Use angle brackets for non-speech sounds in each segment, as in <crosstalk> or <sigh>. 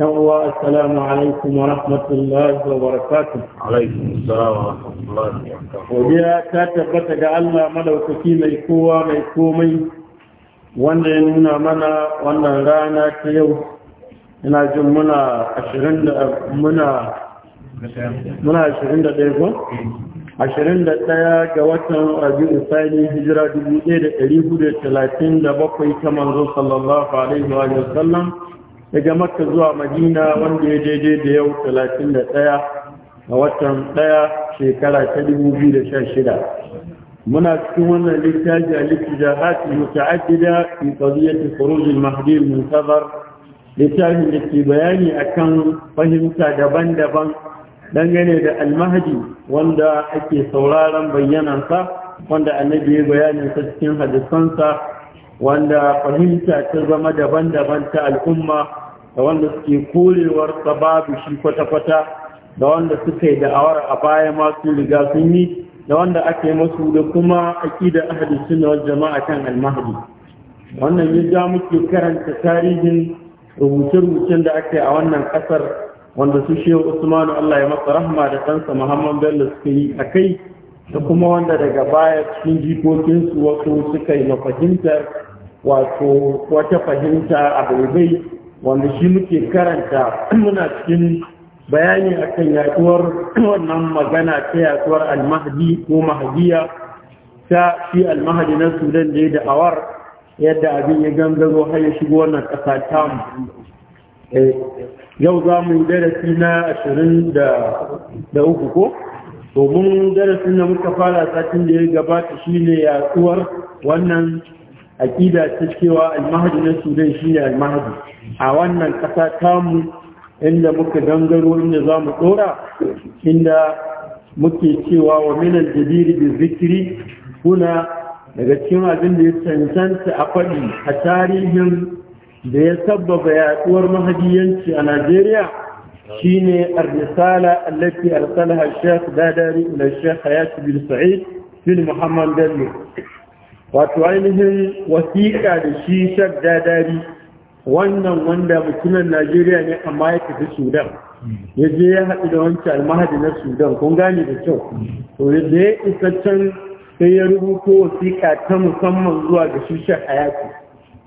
نسأل الله السلام عليكم ورحمة الله وبركاته عليكم السلام ورحمة الله وبركاته وبيا كاتب الله ملو كي ما يكوى ما يكومي وانا هنا منا وانا رانا كيو هنا جم منا عشرين منا منا عشرين دقيقة عشرين دقيقة جوات ربيع الثاني هجرة دبي إير إريبو دتلاتين دبوكو يكمن رسول الله صلى الله وسلم daga makka zuwa madina wanda ya daidai da yau 31 a watan 1 shekara ta 2016 muna cikin wannan littafi a littijahat muta'addida fi qadiyati khuruj al-mahdi muntazar littafin da ke bayani akan fahimta daban-daban dangane da almahdi wanda ake sauraron bayyanansa wanda annabi ya bayanin sa cikin hadisansa wanda fahimta ta zama daban-daban ta al'umma da wanda suke kulewar babu shi kwata-kwata da wanda suka yi da'awar a baya masu riga sun yi da wanda aka yi masu da kuma da ahli sunna jama'a kan almahadi wannan ya ja muke karanta tarihin rubuce-rubucen da aka yi a wannan ƙasar wanda su shehu usmanu allah ya masa rahma da ɗansa muhammad bello suka yi a kai da kuma wanda daga baya cikin jikokinsu wasu suka yi fahimtar wato wata fahimta a bai wanda shi muke karanta <clears throat> muna cikin bayani akan yaduwar wannan magana ta yaduwar almahdi ko mahdiya ta shi almahdi na sudan da da awar yadda abin ya gangaro har ya shigo wannan ƙasa ta eh, yau za mu yi darasi na ashirin da uku ko domin darasin da muka fara satin da ya gabata shi shine yaduwar wannan aƙida ta cewa almahadi na sudan shi shine almahadi a wannan ƙasa tamu inda muka dangaro inda za mu ɗora inda muke cewa wa minan jabiri da zikiri kuna daga cikin abin da ya cancanta a faɗi a tarihin da ya sabbaba yaduwar mahadiyanci a najeriya shine ne risala allati arsalaha ash Dadari ila ash Hayat bin Sa'id bin Muhammad Bello. wato ainihin wasiƙa da shi shak dadari wannan wanda mutumin Najeriya ne amma ya tafi Sudan ya je ya haɗu da wancan almahadi na Sudan kun gane da kyau to da ya isa can sai ya rubuto wasiƙa ta musamman zuwa ga shi shak Hayati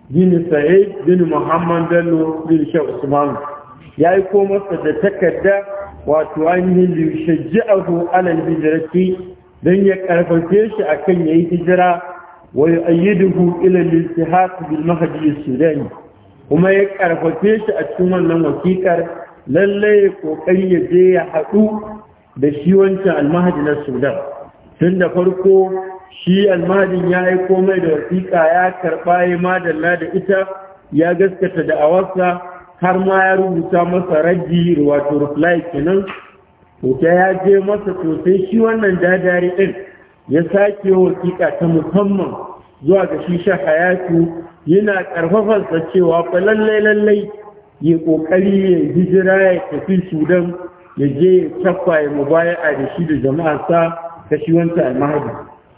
bin Sa'id bin Muhammad Dallo bin Shek Usman ya yi komarsa da takarda wato ainihin lishajji'ahu alal hijirati don ya karfafe shi akan ya yi hijira wa yi ayyiduhu ilal listihaq bil mahdi sudani kuma ya karfafe shi a cikin wannan wasikar lallai ya kokari ya je ya haɗu da shi wancan almahadi na sudan tun da farko shi almahadin ya yi komai da wasiƙa ya karɓa ya madalla da ita ya gaskata da awarsa har ma ya rubuta masa raddi wato reply kenan to ta ya je masa to sai shi wannan dadari din ya sake wasiƙa ta musamman zuwa ga shi sha hayatu yana ƙarfafansa cewa fa lallai lallai ya ƙoƙari ya hijira ya tafi sudan ya je ya cafa ya a da shi da sa ta shi wanta almahadi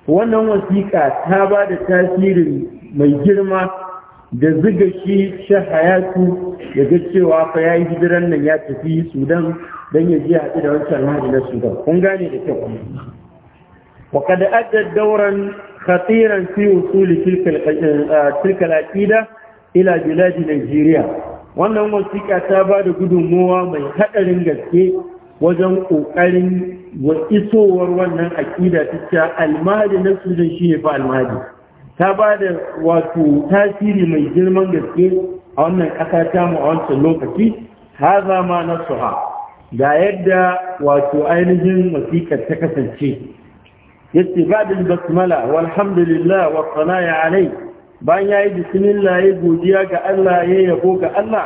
wannan wasiƙa ta ba da tasirin mai girma da ziga shi shi hayatu ya ga cewa fa ya yi hijiran nan ya tafi sudan don ya je haɗu da wancan hajji na sudan kun gane da kyau وقد أدى دورا خطيرا في وصول تلك aqida ila بلاد نيجيريا wannan wasiƙa ta ba da gudunmowa mai haɗarin gaske wajen ƙoƙarin wa isowar wannan aƙida ta ce almahadi na sudan shi ne fa almahadi ta ba da wato tasiri mai girman gaske a wannan ƙasa ta mu a wancan lokaci haza ma nasuha ga yadda wato ainihin wasiƙar ta kasance yace ba da basmala walhamdulillah wa sanaya alai bayan yayi bismillah ya godiya ga Allah ya yabo ga Allah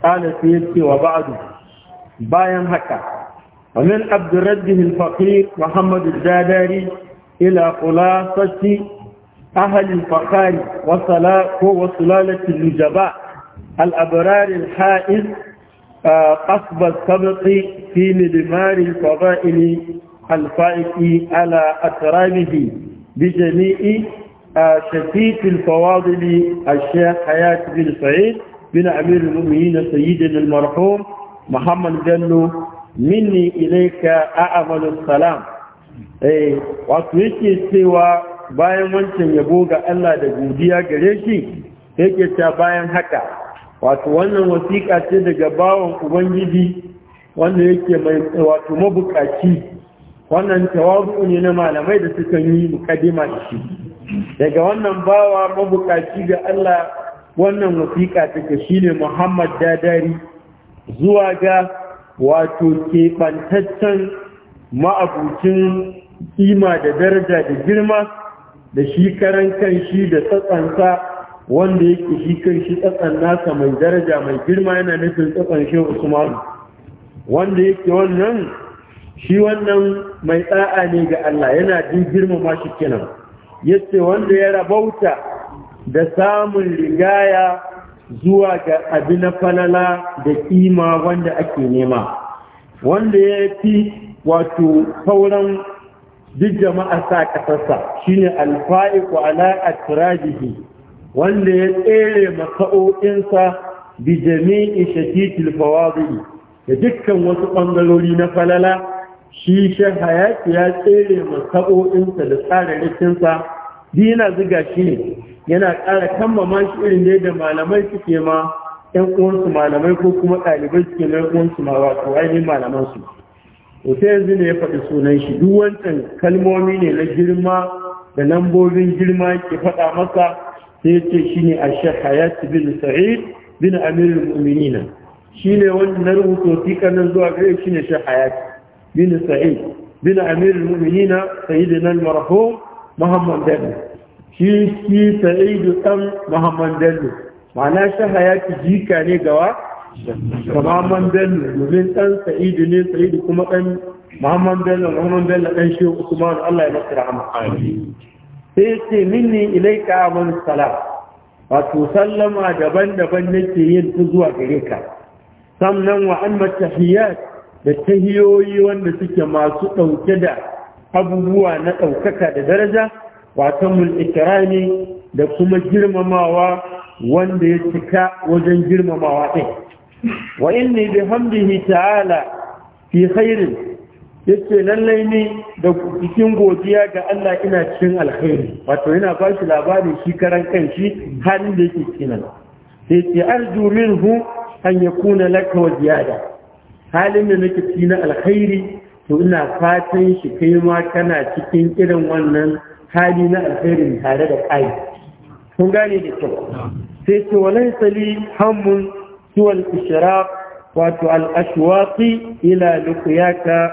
kana sai yace wa ba'du bayan haka ومن عبد ربه الفقير محمد الزاداري إلى خلاصة ahalin fakari wasala ko wasu lalatin lujaba al’abararin ha’in asibar sabbatsi fi milimari faba’ini alfa’iki ala a tsaramihi bi jami’i a shafifin fawadili a shayat bin sa’id bin amir rumuni na sayidin almarhum muhammad gano mini ilaika a amalin wasu wato yake cewa bayan wancan yabo ga Allah da godiya gare shi yake ta bayan haka wato wannan wasiƙa ce daga bawan ubangiji wanda yake mai wato mabukaci wannan tawazu ne na malamai da suka yi mukaddima da shi daga wannan bawa mabukaci ga Allah wannan wasiƙa take shine Muhammad Dadari zuwa ga wato keɓantaccen ma'abucin kima da daraja da girma da shi karan kan shi da tsatsansa wanda yake shi kan shi tsatsan nasa mai daraja mai girma yana nufin tsatsan shi usman wanda yake wannan shi wannan mai tsa'a ne ga Allah yana jin girmama shi kenan yace wanda ya rabauta da samun rigaya zuwa ga abin na falala da kima wanda ake nema wanda ya fi wato sauran duk jama'a sa ƙasarsa shine alfa'iku ala atrajihi wanda ya tsere maka'o'insa bi jami'i shatitil fawadi da dukkan wasu ɓangarori na falala shi hayaki ya tsere maka'o'insa da tsararrikinsa dina zuga shi ne yana ƙara kammama shi irin da malamai suke ma ‘yan uwansu malamai ko kuma ɗalibai suke na uwansu ma wato ainihin malamansu. to sai yanzu ne ya faɗi sunan shi duk wancan kalmomi ne na girma da lambobin girma ke faɗa masa sai ce shi ne a shahayat bin sa'id bin amirul mu'minina shi ne wanda na rubuta rubuto nan zuwa gare shi ne shahayat bin sa'id bin amirul mu'minina sayyidina al-marhum muhammad dalil shi shi sa'idu dan muhammad dalil ma'ana shahayat jika ne gawa Muhammad Bello domin ɗan Sa'idu ne Sa'idu kuma ɗan Muhammad Bello Muhammad Bello ɗan Shehu Usman Allah ya masu rahama. Sai ce minni ilaika amin salam wato sallama daban-daban nake yin ta zuwa gare ka. Sannan wa an matahiyat da tahiyoyi wanda suke masu ɗauke da abubuwa na ɗaukaka da daraja wata ikirani da kuma girmamawa wanda ya cika wajen girmamawa ɗin wa inni bi hamdihi ta'ala fi khairin yace lallai ne da cikin godiya ga Allah ina cikin alkhairi wato ina ba shi labarin shi karan kanshi halin da yake cikin sai ce arju minhu an yakuna laka wa ziyada halin da nake cikin alkhairi to ina fatan shi kai ma kana cikin irin wannan hali na alkhairin tare da kai kun gane da kyau sai ce walai sali hammun سوى الإشراق واتو الأشواق إلى لقياك